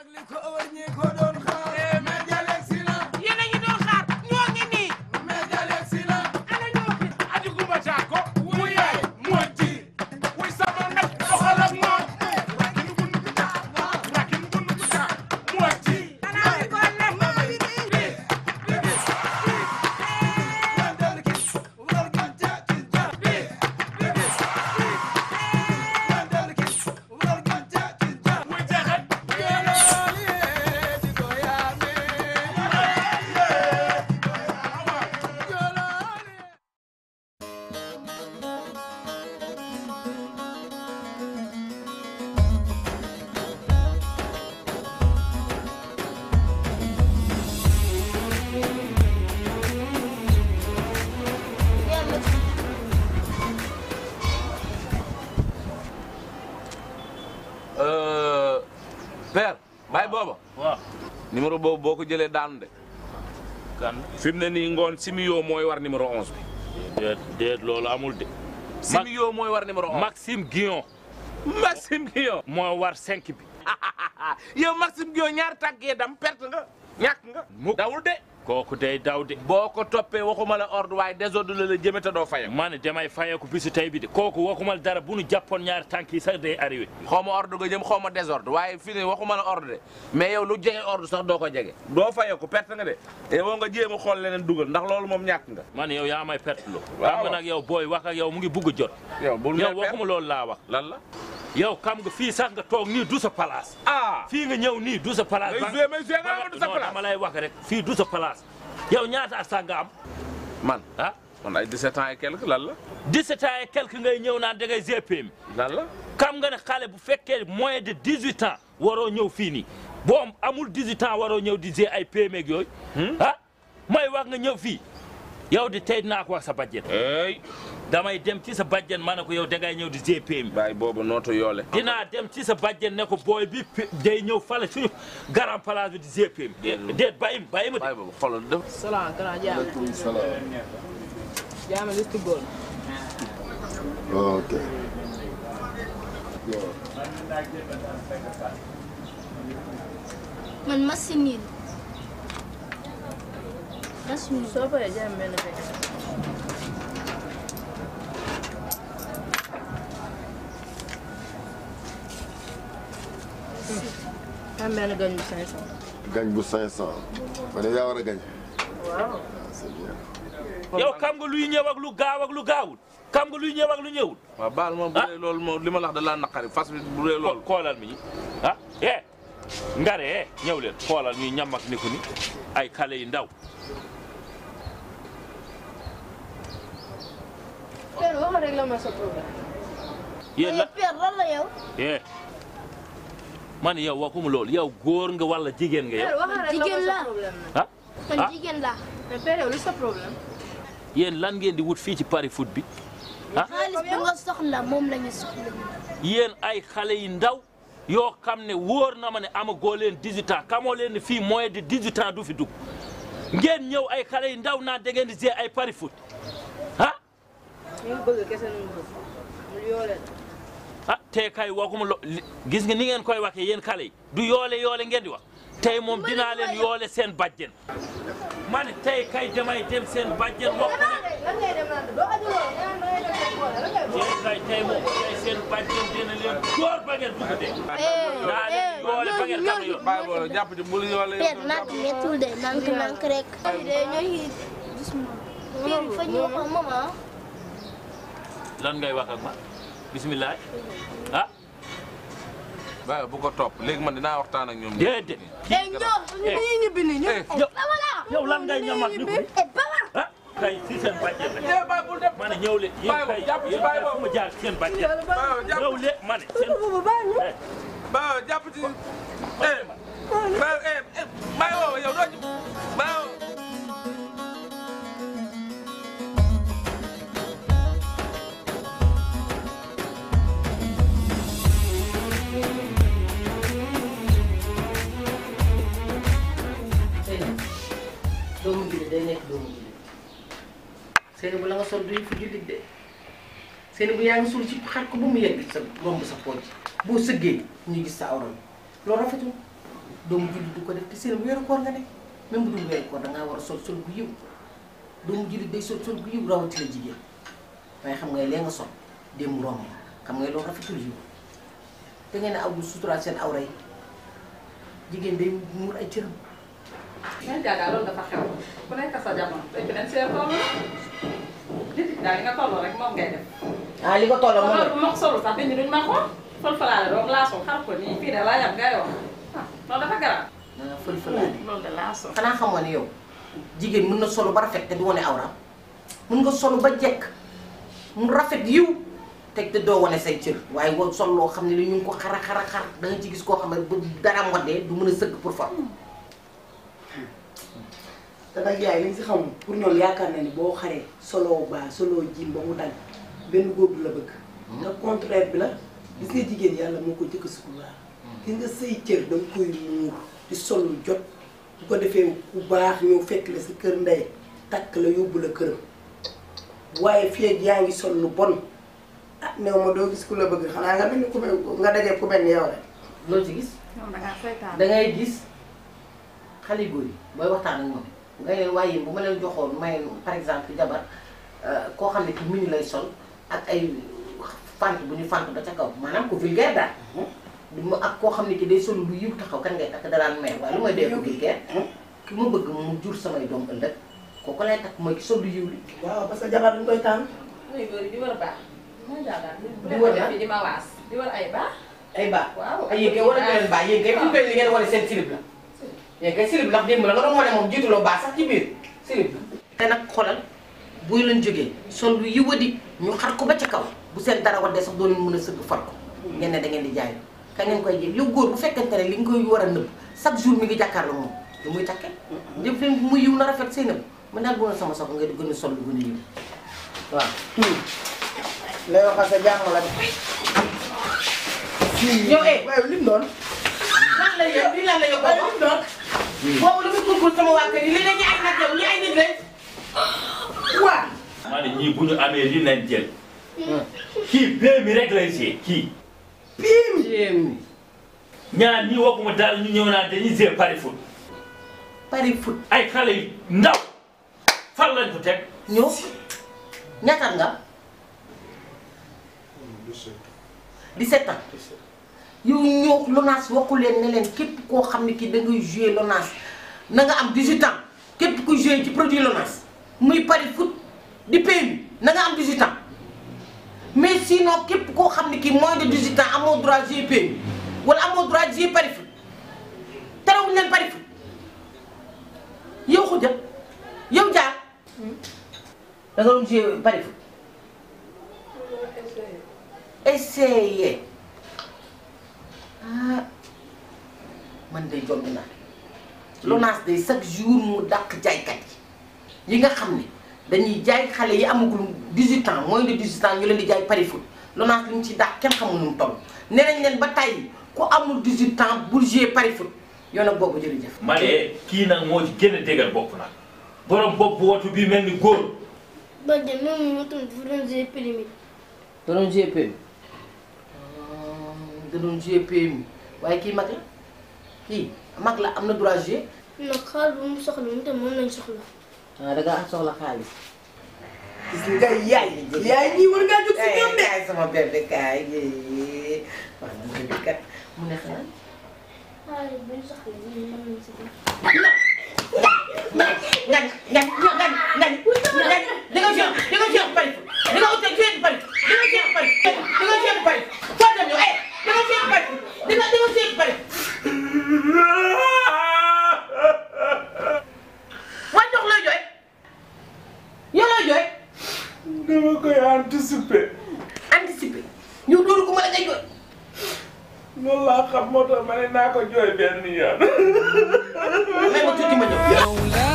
ak li ko wër ñi ko doon xaar bay booba. waaw boobu boo ko jëlee daanu de. kan ne nii ngoon Simio mooy war numéro 11 bi. déet déet loolu amul de. mooy war numéro 11. Maxime Guillon. war 5 bi. yow Maxime Guillon ñaar tàggee dam perte nga ñàkk nga. dawul de. kooku day daw de boo ko toppee waxuma la ordre waaye désordre la la jëme te doo faye ma ne damay fayeeku bisu tey bi de kooku waxuma la dara bu nu ñaar ñaari tànk yi sax day arrivé xaw ma ordre nga jëm xaw ma désordre waaye fii ne waxuma la ordre de mais yow lu jege ordre sax doo ko jege doo fayeeku ko nga de yow eh, nga jéem a xool leneen dugal ndax loolu moom ñàkk nga man yow yaa may perte loo xam yow booy wax ak yow mu ngi bugg jot yow waxuma loolu laa wax lan la yow kam nga fii sax nga toog nii du sa place. ah fii nga ñëw nii du sa place. may joué may joué nga am du sa place dama lay wax rek fii du sa place. yow ñaata at sax am. man ah man ay 17 ans et quelque lan la. 17 ans et quelque ngay ñëw naan dangay GPM. lan la kam nga ne xale bu fekkee moins de 18 ans waroo ñëw fii nii boo amul 18 ans waroo ñëw di ay PM ak yooyu. Hmm? may wax nga ñëw fii yow di tey dinaa ko wax sa budget. damay dem ci sa bàjjen ma ko yow dangay ñëw di GPM. baay boobu nootu yoole. dinaa dem ci sa bàjjen ne ko booy bi day ñëw fale suñu garan place bi di GPM. déet bàyyi bàyyi ma de. bàyyi boobu am benn gañ bu 500. gañ bu 500. ma ne a gañ. waaw. c'est bien. yow xam nga lu gaaw ak lu gaawul xam nga luy ñëw ak lu ñëwul. waaw baal ma bu ah. dee loolu moom ma la wax da naqari fas bi bu dee loolu. xoolal mi ah eh ngaree eh. ñëw leen xoolal ñuy ni ko ni ay xale yu ndaw. père la ma sa la père lan man yow waxuma loolu yow góor nga walla jigéen nga yow. Ah? Ah? jigéen la ah lan ngeen di wut fii ci Paris bi ah. xaalis bu moom la ay xale yi ndaw yoo xam ne wóor na ma ne amagoo leen 18 ans leen ne fii moyen de 18 du fi dugg ngeen ñëw ay xale yi ndaw naa da ngeen di jee ay Paris foot ah. ah tey kay waxuma lo gis nga ni ngeen koy waxee yéen kale yi du yoole yoole ngeen di wax tey moom dinaa leen yoole seen bàjjen man tey kay damay dem seen bàjjen wax tey kay tey moom tey seen bàjjen dina leen door ba ngeen dugg ngay wax ma bisimilah ah. waaw bu ko topp léegi man dinaa waxtaan ak ñoom. déedéet kii eh, garab eh ñoo ñibbi nii ñoom. Eh, eh, ah. yow lan ngay ñamat ñu ko ah kay si seen bàjjeel la. ma ne ñëw leen yéen kay yéen kay fu ma jaar seen bàjjeel la ñëw leen ma ne seen. ba jàpp ci eh ba eh bàyyi woo yow doo ci personne duñu fi jullit de seen bu yaa ngi sol ci xar ko ba mu yegg sa romb sa pooj boo sëggee ñu gis sa awram loolu rafetul doomu jullit du ko def te seen bu weeru koor nga nekk même bu dul weeru koor dangaa war a sol sol bu yiw doomu jullit day sol sol bu yiw rawatina jigéen waaye xam nga lee nga sol démb romb xam ngay loolu rafetul yiw te ngeen aw bu suturaal seen awra yi jigéen day muur ay cëram. mais Ndiaga loolu dafa xew ku nekk sa jamono day fi daal li nga tolloo rek moom ngay def. ah li nga tolloo moom la ma ko solu sax nit ñi duñu ma xool. fël-fëlaale doog laasoo xar ko nii fii de laa yam ngay wax ah, ah, xanaa xamoo ne yow jigéen mun na solu ba rafet te du wane awraam mën nga solu ba jekk mu rafet yiw teg te doo wane say cër waaye woo sol loo xam ne li ñu ko xara xara xar da nga ci gis koo xam ne bu dara ngoddee du mën a sëgg pour for hmm. te nag yaay si xamul pour ñoom yaakaar na ni boo xaree solo baa solo jiim ba mu dagg benn góor du la bëgg. Hmm? te contraire bi la gis nga jigéen yàlla moo ko jëkk si hmm. gis nga say cër da nga di sol lu jot bu ko defee ku baax ñëw si kër ndey takk la yóbbu la waaye fii yaa ngi sol lu bon ah ma doo gis ku la bëgg xanaa nga mel ni ku mel ci gis. da ngay gis xale góor yi booy waxtaan ak moom. nga eh, leen waaye bu ma leen joxoon may par exemple jabar euh, koo xam ne ki mini lay sol ak ay fant bu ñu fant ba ca kaw maanaam ko vulgaire daal. Hmm? du ak koo xam ne ki day sol bu yiw taxaw kan ngay takk daraan may waaye lu may dee ko vulgaire. Hmm? ki ma bëgg mu jur samay doom ëllëg kooku lay takk mooy ki sol lu yiw li. waaw parce que jabar duñ koy tànn. mooy góor di war a baax. mooy jabar di war a di ma waas ay baax. ay baax waaw ay yëg war a leen baax yëg ngeen li ngeen mais kay silib ndax démb la nga doon wane moom jiituloo baax sax ci biir silib. te nag xoolal buy leen jógee sol bu yiwadi ñu xar ko ba ca kaw bu seen dara waddee sax doo leen mën a sëgg far ko ngeen ne da ngeen di jaay kañ ngeen koy jël yow góor bu fekkente ne li nga koy war a nëbb chaque jour mi ngi jàkkaarloo moom lu muy takke def leen mu yiw na rafet say nëbb mën naa gën a sama soxla nga di gën a sol lu gën a yiw waaw. lay waxal sa jàmm la de. yow eh waaye lim doon. lan la yow di lan la yow boobu lu muy kurkur sama waa kër yi li ne ñu ay nag yow ñu ay nit lañ waaw. maa ne ñii bu amee li leen jël. kii bee mi rek lay see kii. bee mi. ñaar ñii waxuma daal ñu ñëw naa dañuy see pari foot. pari foot ay xale yu ndaw. fan lañ ko teg. ñëw ñaata nga. 17 ans. yow ñëw LONASE waxu leen képp koo xam ne kii dangay ngay joué LONASE na nga am 18 ans képp ko joué ci produit LONASE muy pari foot di PMU na nga am 18 ans mais noo képp koo xam ne kii moins de 18 ans amoo droit joué PMU wala amoo droit joué pari foot terewuñ leen pari foot yow xuja yow jaar da nga doon joué foot man day jombi naa chaque jour mu dàq jaaykat yi yi nga xam ne dañuy jaay xale yi amagul 18 ans moins de 18 ans ñu leen di jaay pari foot LONASE li mu ci dàq kenn xamul nu mu toll nee nañ leen ba tey ku amul 18 ans bul jouer pari foot yoon ak boobu jërëjëf. ma ne kii nag moo ci gën a dëgër bopp nag borom bopp wootu bi mel ni góor. ba de même moom itam dafa doon jouer PMI. da doon jouer PMI. Ah, da waaye kii mag la. kii mag la am na droit jouer. nag xaalis bu mu soxla moom tamit moom lañ soxla. ah da ngaa am soxla xaalis. gis nga yaay. yaay ñii war ngaa jóg si ñoom de. yaay sama bébé kaay yee waaw mu bébé kat mu ne xanaa. xaalis bu ñu soxla moom moom lañ soxla. ngañ ngañ ngañ ngañ ngañ ngañ di nga jox di nga jox bari di nga ut jox bari di nga jox bari di nga jox bari foo dem yow eh di nga jox bari di nga di nga jox bari. waa jox looy jooy yow looy jooy. dama koy anticiper. anticiper yow loolu ko mën a ngay jooy. loolu laa xam moo ma ne naa ko jooy benn yoon.